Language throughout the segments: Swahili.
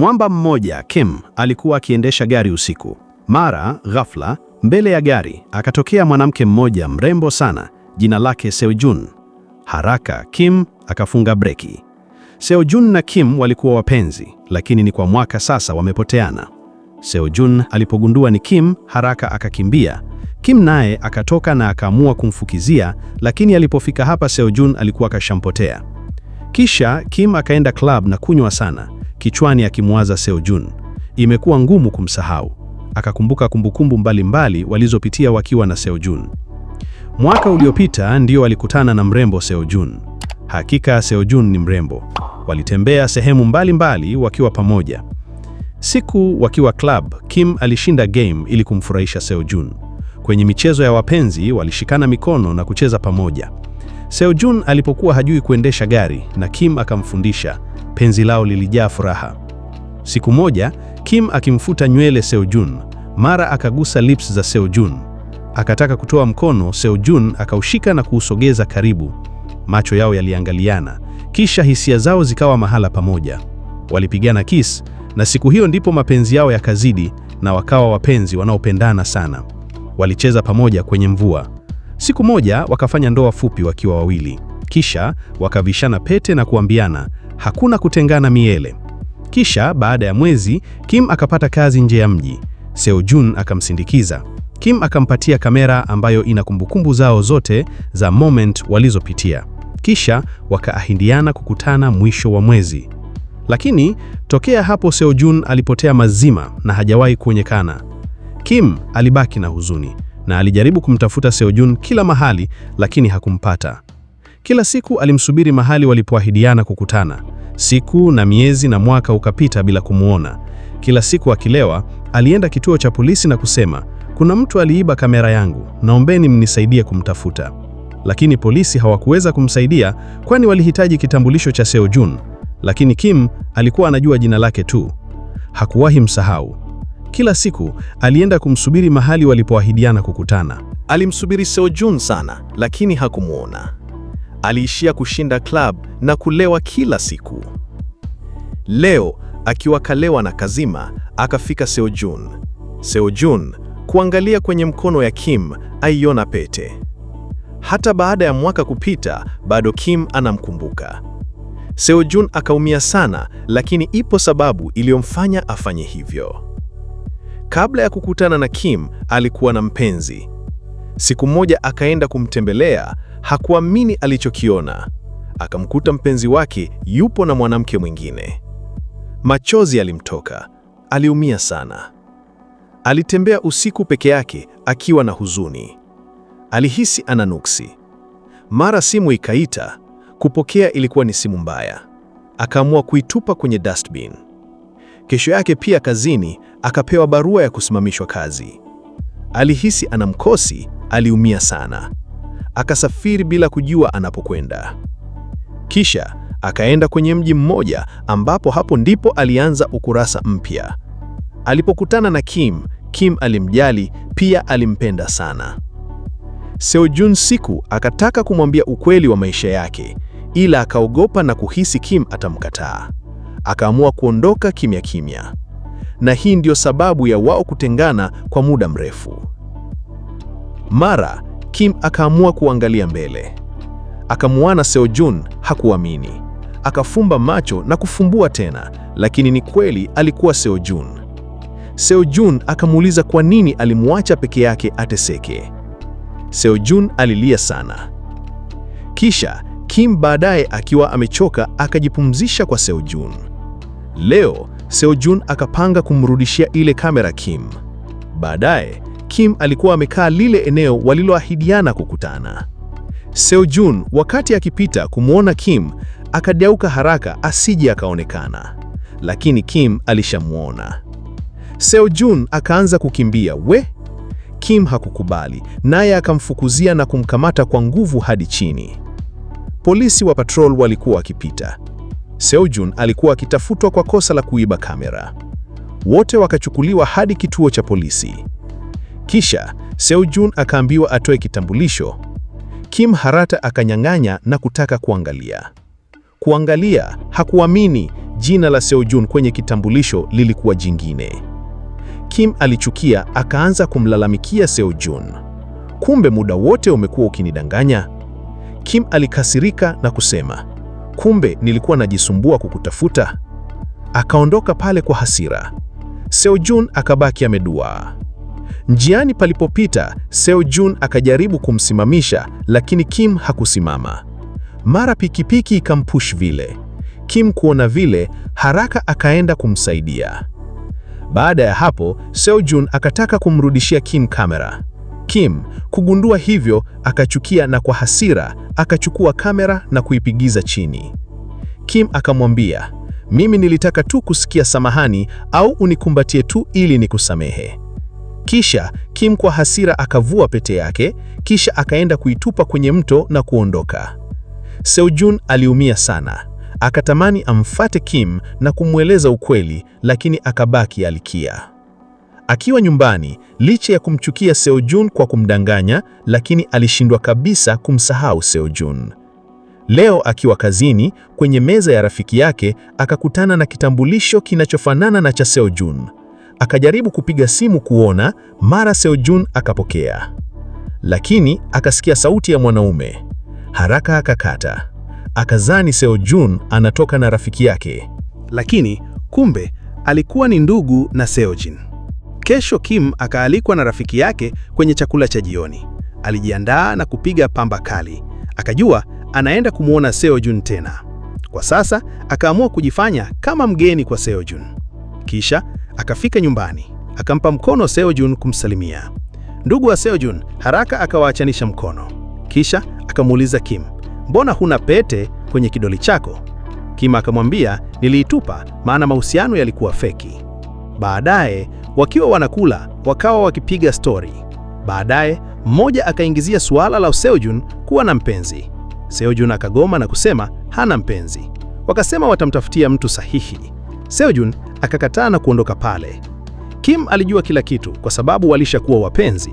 Mwamba mmoja Kim alikuwa akiendesha gari usiku. Mara ghafla, mbele ya gari akatokea mwanamke mmoja mrembo sana, jina lake Seojun. Haraka Kim akafunga breki. Seojun na Kim walikuwa wapenzi, lakini ni kwa mwaka sasa wamepoteana. Seojun alipogundua ni Kim, haraka akakimbia. Kim naye akatoka na akaamua kumfukizia, lakini alipofika hapa Seojun alikuwa akashampotea. Kisha Kim akaenda club na kunywa sana kichwani akimwaza Seojun. Imekuwa ngumu kumsahau. Akakumbuka kumbukumbu mbalimbali walizopitia wakiwa na Seojun. Mwaka uliopita ndio walikutana na mrembo Seojun. Hakika Seojun ni mrembo. Walitembea sehemu mbalimbali mbali wakiwa pamoja. Siku wakiwa club, Kim alishinda game ili kumfurahisha Seojun. Kwenye michezo ya wapenzi walishikana mikono na kucheza pamoja. Seojun alipokuwa hajui kuendesha gari na Kim akamfundisha, penzi lao lilijaa furaha. Siku moja Kim akimfuta nywele Seojun, mara akagusa lips za Seojun. Akataka kutoa mkono, Seojun akaushika na kuusogeza karibu. Macho yao yaliangaliana, kisha hisia zao zikawa mahala pamoja. Walipigana kiss, na siku hiyo ndipo mapenzi yao yakazidi na wakawa wapenzi wanaopendana sana. Walicheza pamoja kwenye mvua. Siku moja wakafanya ndoa fupi wakiwa wawili, kisha wakavishana pete na kuambiana hakuna kutengana miele. Kisha baada ya mwezi, Kim akapata kazi nje ya mji. Seojun akamsindikiza. Kim akampatia kamera ambayo ina kumbukumbu zao zote za moment walizopitia. Kisha wakaahidiana kukutana mwisho wa mwezi. Lakini tokea hapo Seojun alipotea mazima na hajawahi kuonekana. Kim alibaki na huzuni na alijaribu kumtafuta Seojun kila mahali lakini hakumpata. Kila siku alimsubiri mahali walipoahidiana kukutana. Siku na miezi na mwaka ukapita bila kumuona. Kila siku akilewa, alienda kituo cha polisi na kusema, kuna mtu aliiba kamera yangu, naombeni mnisaidie kumtafuta. Lakini polisi hawakuweza kumsaidia, kwani walihitaji kitambulisho cha Seojun. Lakini Kim alikuwa anajua jina lake tu, hakuwahi msahau. Kila siku alienda kumsubiri mahali walipoahidiana kukutana. Alimsubiri Seojun sana, lakini hakumwona aliishia kushinda club na kulewa kila siku. Leo akiwa kalewa na kazima, akafika Seojun. Seojun kuangalia kwenye mkono ya Kim aiona pete. Hata baada ya mwaka kupita, bado Kim anamkumbuka. Seojun akaumia sana, lakini ipo sababu iliyomfanya afanye hivyo. Kabla ya kukutana na Kim, alikuwa na mpenzi. Siku moja akaenda kumtembelea, hakuamini alichokiona. Akamkuta mpenzi wake yupo na mwanamke mwingine. Machozi alimtoka aliumia sana. Alitembea usiku peke yake akiwa na huzuni. Alihisi ana nuksi. Mara simu ikaita, kupokea ilikuwa ni simu mbaya. Akaamua kuitupa kwenye dustbin. Kesho yake pia kazini akapewa barua ya kusimamishwa kazi. Alihisi ana mkosi, aliumia sana akasafiri bila kujua anapokwenda. Kisha akaenda kwenye mji mmoja ambapo hapo ndipo alianza ukurasa mpya. Alipokutana na Kim, Kim alimjali pia alimpenda sana. Seojun siku akataka kumwambia ukweli wa maisha yake, ila akaogopa na kuhisi Kim atamkataa. Akaamua kuondoka kimya kimya, na hii ndiyo sababu ya wao kutengana kwa muda mrefu. Mara Kim akaamua kuangalia mbele. Akamwona Seojun, hakuamini. Akafumba macho na kufumbua tena, lakini ni kweli alikuwa Seojun. Seojun akamuuliza kwa nini alimwacha peke yake ateseke. Seojun alilia sana. Kisha Kim baadaye akiwa amechoka akajipumzisha kwa Seojun. Leo Seojun akapanga kumrudishia ile kamera Kim. Baadaye Kim alikuwa amekaa lile eneo waliloahidiana kukutana. Seojun wakati akipita kumwona Kim akageuka haraka asije akaonekana, lakini Kim alishamwona. Seojun akaanza kukimbia we. Kim hakukubali, naye akamfukuzia na kumkamata kwa nguvu hadi chini. Polisi wa patrol walikuwa wakipita. Seojun alikuwa akitafutwa kwa kosa la kuiba kamera. Wote wakachukuliwa hadi kituo cha polisi. Kisha Seojun akaambiwa atoe kitambulisho. Kim harata akanyang'anya na kutaka kuangalia. Kuangalia hakuamini, jina la Seojun kwenye kitambulisho lilikuwa jingine. Kim alichukia, akaanza kumlalamikia Seojun. Kumbe muda wote umekuwa ukinidanganya. Kim alikasirika na kusema, kumbe nilikuwa najisumbua kukutafuta. Akaondoka pale kwa hasira. Seojun akabaki ameduaa. Njiani palipopita, Seo Jun akajaribu kumsimamisha, lakini Kim hakusimama. Mara pikipiki ikampush vile. Kim kuona vile, haraka akaenda kumsaidia. Baada ya hapo, Seo Jun akataka kumrudishia Kim kamera. Kim kugundua hivyo, akachukia na kwa hasira akachukua kamera na kuipigiza chini. Kim akamwambia, mimi nilitaka tu kusikia samahani au unikumbatie tu ili nikusamehe. Kisha Kim kwa hasira akavua pete yake, kisha akaenda kuitupa kwenye mto na kuondoka. Seojun aliumia sana, akatamani amfate Kim na kumweleza ukweli, lakini akabaki alikia. Akiwa nyumbani, licha ya kumchukia Seojun kwa kumdanganya, lakini alishindwa kabisa kumsahau Seojun. Leo akiwa kazini, kwenye meza ya rafiki yake, akakutana na kitambulisho kinachofanana na cha Seojun. Akajaribu kupiga simu kuona, mara Seojun akapokea, lakini akasikia sauti ya mwanaume. Haraka akakata, akazani Seojun anatoka na rafiki yake, lakini kumbe alikuwa ni ndugu na Seojin. Kesho Kim akaalikwa na rafiki yake kwenye chakula cha jioni. Alijiandaa na kupiga pamba kali, akajua anaenda kumwona Seojun tena. Kwa sasa akaamua kujifanya kama mgeni kwa Seojun, kisha Akafika nyumbani, akampa mkono Seojun kumsalimia. Ndugu wa Seojun haraka akawaachanisha mkono, kisha akamuuliza Kim, mbona huna pete kwenye kidole chako? Kim akamwambia niliitupa, maana mahusiano yalikuwa feki. Baadaye wakiwa wanakula wakawa wakipiga stori. Baadaye mmoja akaingizia suala la Seojun kuwa na mpenzi. Seojun akagoma na kusema hana mpenzi. Wakasema watamtafutia mtu sahihi. Seojun akakataa na kuondoka pale. Kim alijua kila kitu kwa sababu walishakuwa wapenzi.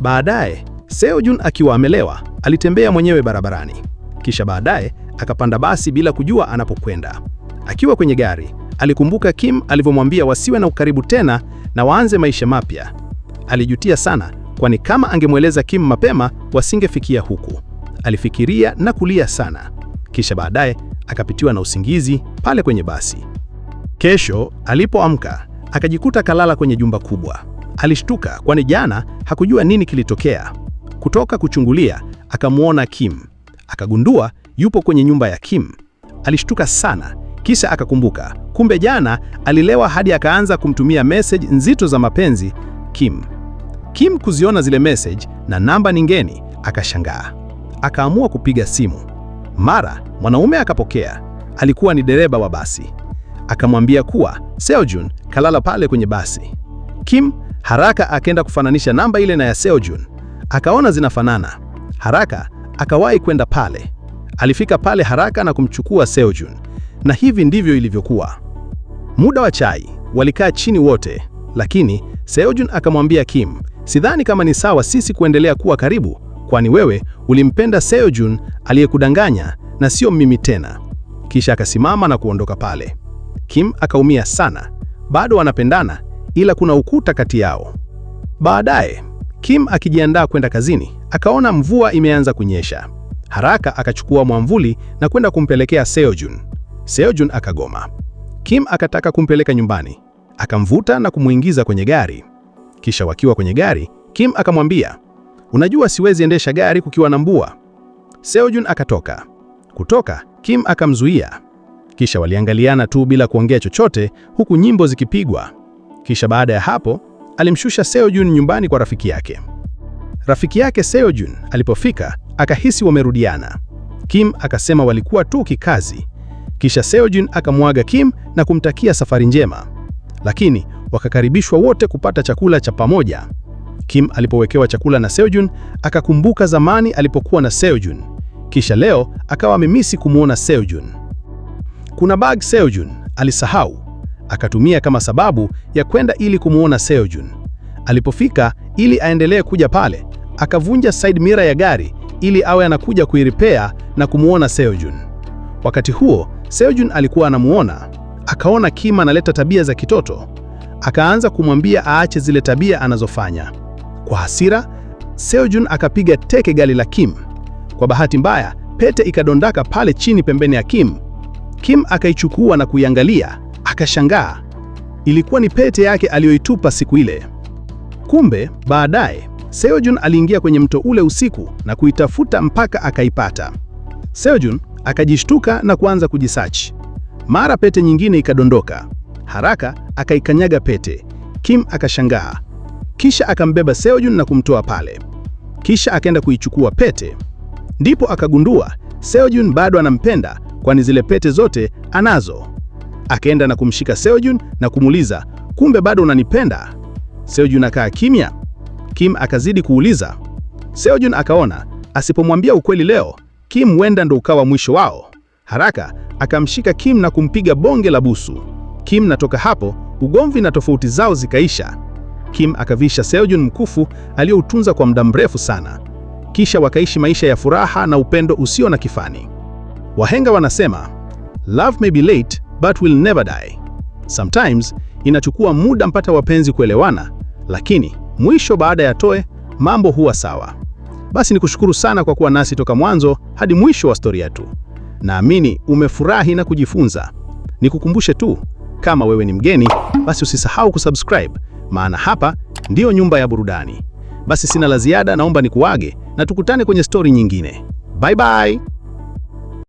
Baadaye Seojun akiwa amelewa alitembea mwenyewe barabarani, kisha baadaye akapanda basi bila kujua anapokwenda. Akiwa kwenye gari alikumbuka Kim alivyomwambia wasiwe na ukaribu tena na waanze maisha mapya. Alijutia sana, kwani kama angemweleza Kim mapema wasingefikia huku. Alifikiria na kulia sana, kisha baadaye akapitiwa na usingizi pale kwenye basi. Kesho alipoamka akajikuta kalala kwenye jumba kubwa. Alishtuka kwani jana hakujua nini kilitokea. Kutoka kuchungulia akamwona Kim, akagundua yupo kwenye nyumba ya Kim. Alishtuka sana, kisha akakumbuka kumbe jana alilewa hadi akaanza kumtumia message nzito za mapenzi Kim. Kim kuziona zile message na namba ningeni, akashangaa akaamua kupiga simu. Mara mwanaume akapokea, alikuwa ni dereba wa basi akamwambia kuwa Seojun kalala pale kwenye basi. Kim haraka akaenda kufananisha namba ile na ya Seojun, akaona zinafanana. Haraka akawahi kwenda pale, alifika pale haraka na kumchukua Seojun, na hivi ndivyo ilivyokuwa. Muda wa chai walikaa chini wote, lakini Seojun akamwambia Kim, sidhani kama ni sawa sisi kuendelea kuwa karibu, kwani wewe ulimpenda Seojun aliyekudanganya na sio mimi tena. Kisha akasimama na kuondoka pale. Kim akaumia sana. Bado wanapendana ila kuna ukuta kati yao. Baadaye Kim akijiandaa kwenda kazini, akaona mvua imeanza kunyesha. Haraka akachukua mwamvuli na kwenda kumpelekea Seojun. Seojun akagoma. Kim akataka kumpeleka nyumbani, akamvuta na kumwingiza kwenye gari. Kisha wakiwa kwenye gari, Kim akamwambia, unajua siwezi endesha gari kukiwa na mbua. Seojun akatoka. Kutoka Kim akamzuia. Kisha waliangaliana tu bila kuongea chochote, huku nyimbo zikipigwa. Kisha baada ya hapo alimshusha Seojun nyumbani kwa rafiki yake. Rafiki yake Seojun alipofika akahisi wamerudiana. Kim akasema walikuwa tu kikazi. Kisha Seojun akamwaga Kim na kumtakia safari njema, lakini wakakaribishwa wote kupata chakula cha pamoja. Kim alipowekewa chakula na Seojun akakumbuka zamani alipokuwa na Seojun, kisha leo akawa amemisi kumwona Seojun. Kuna bag Seojun alisahau, akatumia kama sababu ya kwenda ili kumuona Seojun. Alipofika ili aendelee kuja pale, akavunja side mirror ya gari ili awe anakuja kuiripea na kumuona Seojun. Wakati huo Seojun alikuwa anamuona, akaona Kim analeta tabia za kitoto, akaanza kumwambia aache zile tabia anazofanya. Kwa hasira, Seojun akapiga teke gari la Kim. Kwa bahati mbaya, pete ikadondaka pale chini pembeni ya Kim Kim akaichukua na kuiangalia, akashangaa. Ilikuwa ni pete yake aliyoitupa siku ile. Kumbe baadaye Seojun aliingia kwenye mto ule usiku na kuitafuta mpaka akaipata. Seojun akajishtuka na kuanza kujisachi. Mara pete nyingine ikadondoka. Haraka akaikanyaga pete. Kim akashangaa. Kisha akambeba Seojun na kumtoa pale. Kisha akaenda kuichukua pete. Ndipo akagundua Seojun bado anampenda kwani zile pete zote anazo. Akaenda na kumshika Seojun na kumuuliza, kumbe bado unanipenda? Seojun akaa kimya. Kim akazidi kuuliza. Seojun akaona asipomwambia ukweli leo, Kim wenda ndo ukawa mwisho wao. Haraka akamshika Kim na kumpiga bonge la busu. Kim natoka hapo ugomvi na tofauti zao zikaisha. Kim akavisha Seojun mkufu aliyoutunza kwa muda mrefu sana, kisha wakaishi maisha ya furaha na upendo usio na kifani. Wahenga wanasema love may be late but will never die. Sometimes inachukua muda mpata wapenzi kuelewana, lakini mwisho baada ya toe mambo huwa sawa. Basi ni kushukuru sana kwa kuwa nasi toka mwanzo hadi mwisho wa stori yetu. Naamini umefurahi na kujifunza. Nikukumbushe tu kama wewe ni mgeni, basi usisahau kusubscribe, maana hapa ndiyo nyumba ya burudani. Basi sina la ziada, naomba nikuage na tukutane kwenye stori nyingine. Bye bye.